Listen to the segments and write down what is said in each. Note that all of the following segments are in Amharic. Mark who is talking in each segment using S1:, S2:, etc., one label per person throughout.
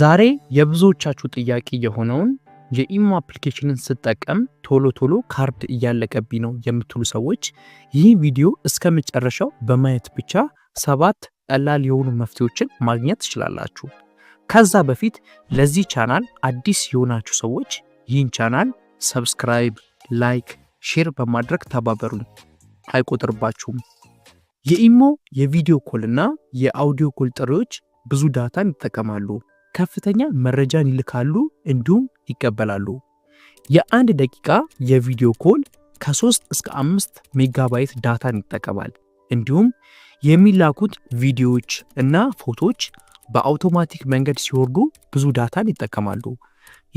S1: ዛሬ የብዙዎቻችሁ ጥያቄ የሆነውን የኢሞ አፕሊኬሽንን ስጠቀም ቶሎ ቶሎ ካርድ እያለቀብኝ ነው የምትሉ ሰዎች ይህ ቪዲዮ እስከ መጨረሻው በማየት ብቻ ሰባት ቀላል የሆኑ መፍትሄዎችን ማግኘት ትችላላችሁ። ከዛ በፊት ለዚህ ቻናል አዲስ የሆናችሁ ሰዎች ይህን ቻናል ሰብስክራይብ፣ ላይክ፣ ሼር በማድረግ ተባበሩን፣ አይቆጥርባችሁም። የኢሞ የቪዲዮ ኮልና የአውዲዮ ኮል ጥሪዎች ብዙ ዳታን ይጠቀማሉ። ከፍተኛ መረጃን ይልካሉ እንዲሁም ይቀበላሉ። የአንድ ደቂቃ የቪዲዮ ኮል ከ3 እስከ 5 ሜጋባይት ዳታን ይጠቀማል። እንዲሁም የሚላኩት ቪዲዮዎች እና ፎቶዎች በአውቶማቲክ መንገድ ሲወርዱ ብዙ ዳታን ይጠቀማሉ።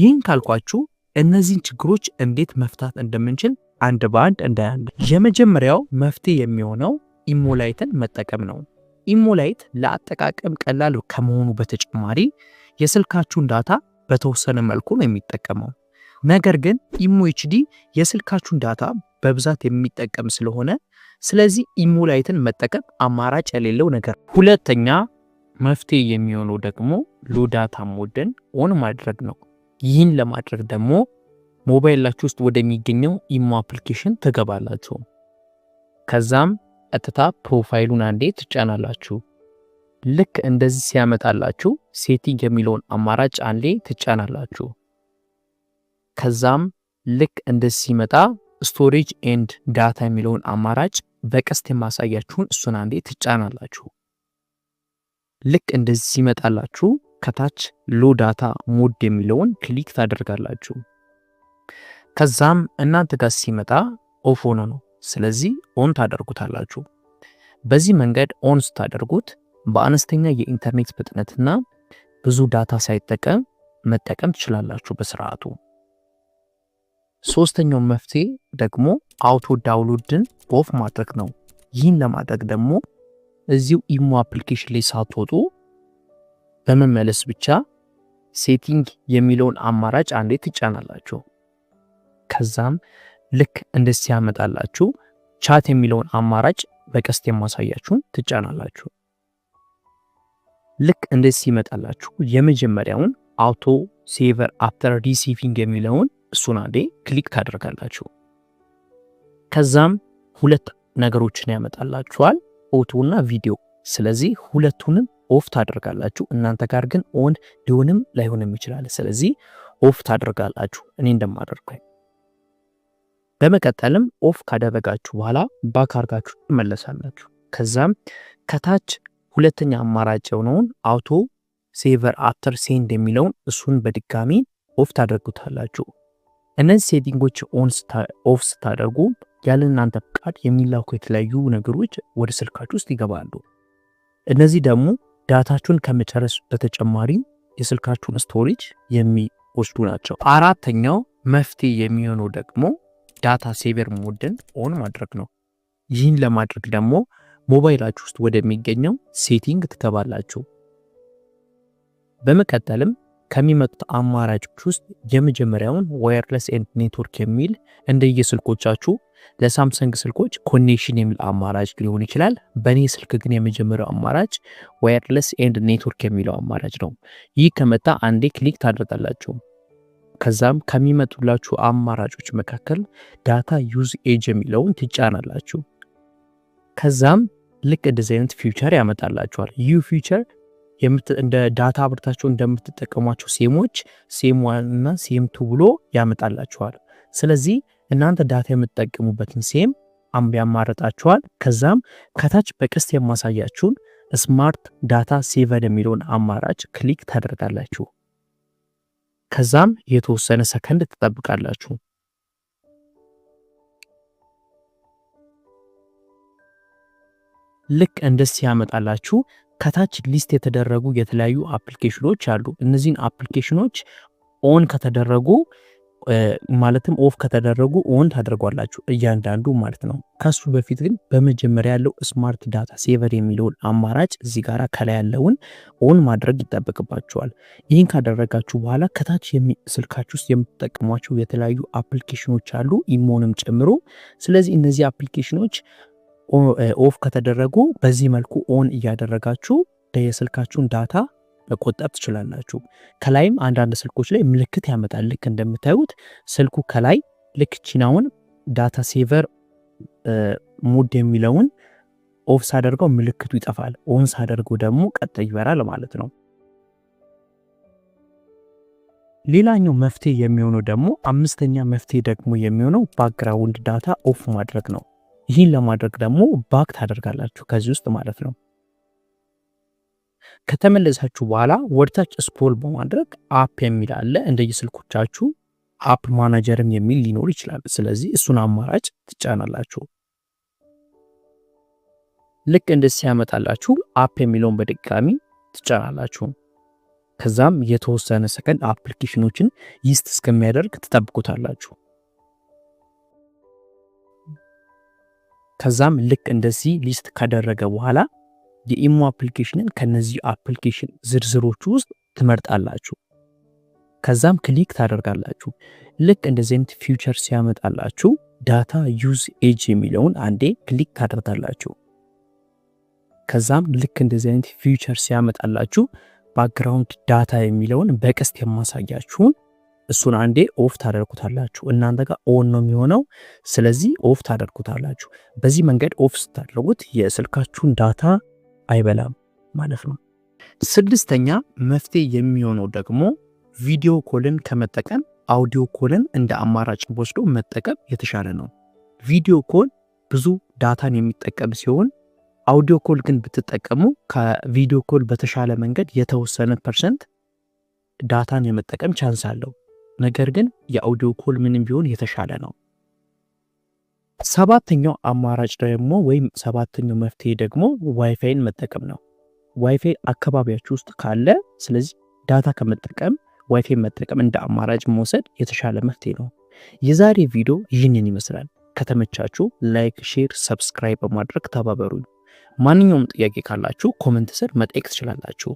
S1: ይህን ካልኳችሁ እነዚህን ችግሮች እንዴት መፍታት እንደምንችል አንድ በአንድ እንዳያንድ። የመጀመሪያው መፍትሄ የሚሆነው ኢሞላይትን መጠቀም ነው። ኢሞላይት ለአጠቃቀም ቀላል ከመሆኑ በተጨማሪ የስልካችሁን ዳታ በተወሰነ መልኩ ነው የሚጠቀመው። ነገር ግን ኢሞ ኤችዲ የስልካችሁን ዳታ በብዛት የሚጠቀም ስለሆነ ስለዚህ ኢሞ ላይትን መጠቀም አማራጭ የሌለው ነገር።
S2: ሁለተኛ መፍትሄ የሚሆነው ደግሞ ሎ ዳታ ሞድን ኦን ማድረግ ነው። ይህን ለማድረግ ደግሞ ሞባይላችሁ ውስጥ ወደሚገኘው ኢሞ አፕሊኬሽን ትገባላችሁ። ከዛም ቀጥታ ፕሮፋይሉን አንዴ ትጫናላችሁ። ልክ እንደዚህ ሲያመጣላችሁ ሴቲንግ የሚለውን አማራጭ አንዴ ትጫናላችሁ። ከዛም ልክ እንደዚህ ሲመጣ ስቶሬጅ ኤንድ ዳታ የሚለውን አማራጭ በቀስት የማሳያችሁን እሱን አንዴ ትጫናላችሁ። ልክ እንደዚህ ሲመጣላችሁ ከታች ሎ ዳታ ሞድ የሚለውን ክሊክ ታደርጋላችሁ። ከዛም እናንተ ጋር ሲመጣ ኦፍ ሆኖ ነው፣ ስለዚህ ኦን ታደርጉታላችሁ። በዚህ መንገድ ኦን ስታደርጉት በአነስተኛ የኢንተርኔት ፍጥነትና ብዙ ዳታ ሳይጠቀም መጠቀም ትችላላችሁ በስርዓቱ። ሶስተኛው መፍትሄ ደግሞ አውቶ ዳውንሎድን ኦፍ ማድረግ ነው። ይህን ለማድረግ ደግሞ እዚሁ ኢሞ አፕሊኬሽን ላይ ሳትወጡ በመመለስ ብቻ ሴቲንግ የሚለውን አማራጭ አንዴ ትጫናላችሁ። ከዛም ልክ እንደዚህ ያመጣላችሁ ቻት የሚለውን አማራጭ በቀስት የማሳያችሁን ትጫናላችሁ። ልክ እንደዚህ ሲመጣላችሁ የመጀመሪያውን አውቶ ሴቨር አፍተር ሪሲቪንግ የሚለውን እሱን አንዴ ክሊክ ታደርጋላችሁ። ከዛም ሁለት ነገሮችን ያመጣላችኋል፣ ፎቶ እና ቪዲዮ። ስለዚህ ሁለቱንም ኦፍ ታደርጋላችሁ። እናንተ ጋር ግን ኦን ሊሆንም ላይሆንም ይችላል። ስለዚህ ኦፍ ታደርጋላችሁ እኔ እንደማደርገው። በመቀጠልም ኦፍ ካደረጋችሁ በኋላ ባክ አርጋችሁ ትመለሳላችሁ። ከዛም ከታች ሁለተኛ አማራጭ የሆነውን አውቶ ሴቨር አፍተር ሴንድ የሚለውን እሱን በድጋሚ ኦፍ ታደርጉታላችሁ። እነዚህ ሴቲንጎች ኦፍ ስታደርጉ ያለ እናንተ ፍቃድ የሚላኩ የተለያዩ ነገሮች ወደ ስልካችሁ ውስጥ ይገባሉ። እነዚህ ደግሞ ዳታችሁን ከመጨረስ በተጨማሪ የስልካችሁን ስቶሬጅ የሚወስዱ ናቸው። አራተኛው መፍትሄ የሚሆነው ደግሞ ዳታ ሴቨር ሞድን ኦን ማድረግ ነው። ይህን ለማድረግ ደግሞ ሞባይላችሁ ውስጥ ወደሚገኘው ሴቲንግ ትገባላችሁ። በመቀጠልም ከሚመጡት አማራጮች ውስጥ የመጀመሪያውን ዋየርለስ ኤንድ ኔትወርክ የሚል እንደየስልኮቻችሁ ለሳምሰንግ ስልኮች ኮኔክሽን የሚል አማራጭ ሊሆን ይችላል። በእኔ ስልክ ግን የመጀመሪያው አማራጭ ዋየርለስ ኤንድ ኔትወርክ የሚለው አማራጭ ነው። ይህ ከመጣ አንዴ ክሊክ ታደርጋላችሁ። ከዛም ከሚመጡላችሁ አማራጮች መካከል ዳታ ዩዝ ኤጅ የሚለውን ትጫናላችሁ። ከዛም ልክ እንደዚህ አይነት ፊውቸር ያመጣላቸዋል። ይህ ፊውቸር እንደ ዳታ አብርታቸው እንደምትጠቀሟቸው ሴሞች ሴም ዋን እና ሴም ቱ ብሎ ያመጣላቸዋል። ስለዚህ እናንተ ዳታ የምትጠቀሙበትን ሴም አምብ ያማረጣችኋል። ከዛም ከታች በቀስት የማሳያችሁን ስማርት ዳታ ሴቨን የሚለውን አማራጭ ክሊክ ታደርጋላችሁ። ከዛም የተወሰነ ሰከንድ ትጠብቃላችሁ። ልክ እንደ ሲያመጣላችሁ ከታች ሊስት የተደረጉ የተለያዩ አፕሊኬሽኖች አሉ። እነዚህን አፕሊኬሽኖች ኦን ከተደረጉ ማለትም ኦፍ ከተደረጉ ኦን ታደርጓላችሁ እያንዳንዱ ማለት ነው። ከሱ በፊት ግን በመጀመሪያ ያለው ስማርት ዳታ ሴቨር የሚለውን አማራጭ እዚህ ጋር ከላይ ያለውን ኦን ማድረግ ይጠበቅባችኋል። ይህን ካደረጋችሁ በኋላ ከታች ስልካችሁ ውስጥ የምትጠቀሟቸው የተለያዩ አፕሊኬሽኖች አሉ ኢሞንም ጨምሮ። ስለዚህ እነዚህ አፕሊኬሽኖች ኦፍ ከተደረጉ በዚህ መልኩ ኦን እያደረጋችሁ የስልካችሁን ዳታ መቆጠብ ትችላላችሁ። ከላይም አንዳንድ ስልኮች ላይ ምልክት ያመጣል። ልክ እንደምታዩት ስልኩ ከላይ ልክ ቺናውን ዳታ ሴቨር ሙድ የሚለውን ኦፍ ሳደርገው ምልክቱ ይጠፋል። ኦን ሳደርገው ደግሞ ቀጥ ይበራል ማለት ነው። ሌላኛው መፍትሄ የሚሆነው ደግሞ አምስተኛ መፍትሄ ደግሞ የሚሆነው ባክግራውንድ ዳታ ኦፍ ማድረግ ነው። ይህን ለማድረግ ደግሞ ባክ ታደርጋላችሁ ከዚህ ውስጥ ማለት ነው። ከተመለሳችሁ በኋላ ወደታች ስክሮል በማድረግ አፕ የሚል አለ። እንደየስልኮቻችሁ አፕ ማናጀርም የሚል ሊኖር ይችላል። ስለዚህ እሱን አማራጭ ትጫናላችሁ። ልክ እንደዚህ ያመጣላችሁ አፕ የሚለውን በድጋሚ ትጫናላችሁ። ከዛም የተወሰነ ሰከንድ አፕሊኬሽኖችን ይስት እስከሚያደርግ ትጠብቁታላችሁ። ከዛም ልክ እንደዚህ ሊስት ካደረገ በኋላ የኢሞ አፕሊኬሽንን ከነዚህ አፕሊኬሽን ዝርዝሮች ውስጥ ትመርጣላችሁ። ከዛም ክሊክ ታደርጋላችሁ። ልክ እንደዚህ አይነት ፊውቸር ሲያመጣላችሁ ዳታ ዩዝ ኤጅ የሚለውን አንዴ ክሊክ ታደርጋላችሁ። ከዛም ልክ እንደዚህ አይነት ፊውቸር ሲያመጣላችሁ ባክግራውንድ ዳታ የሚለውን በቀስት የማሳያችሁን እሱን አንዴ ኦፍ ታደርጉታላችሁ። እናንተ ጋር ኦን ነው የሚሆነው። ስለዚህ ኦፍ ታደርጉታላችሁ። በዚህ መንገድ ኦፍ ስታደርጉት የስልካችሁን ዳታ አይበላም ማለት ነው። ስድስተኛ መፍትሄ የሚሆነው ደግሞ ቪዲዮ ኮልን ከመጠቀም አውዲዮ ኮልን እንደ አማራጭ ወስዶ መጠቀም የተሻለ ነው። ቪዲዮ ኮል ብዙ ዳታን የሚጠቀም ሲሆን አውዲዮ ኮል ግን ብትጠቀሙ ከቪዲዮ ኮል በተሻለ መንገድ የተወሰነ ፐርሰንት ዳታን የመጠቀም ቻንስ አለው። ነገር ግን የአውዲዮ ኮል ምንም ቢሆን የተሻለ ነው። ሰባተኛው አማራጭ ደግሞ ወይም ሰባተኛው መፍትሄ ደግሞ ዋይፋይን መጠቀም ነው። ዋይፋይ አካባቢያችሁ ውስጥ ካለ፣ ስለዚህ ዳታ ከመጠቀም ዋይፋይ መጠቀም እንደ አማራጭ መውሰድ የተሻለ መፍትሄ ነው። የዛሬ ቪዲዮ ይህንን ይመስላል። ከተመቻችሁ ላይክ፣ ሼር፣ ሰብስክራይብ በማድረግ ተባበሩኝ። ማንኛውም ጥያቄ ካላችሁ ኮመንት ስር መጠየቅ ትችላላችሁ።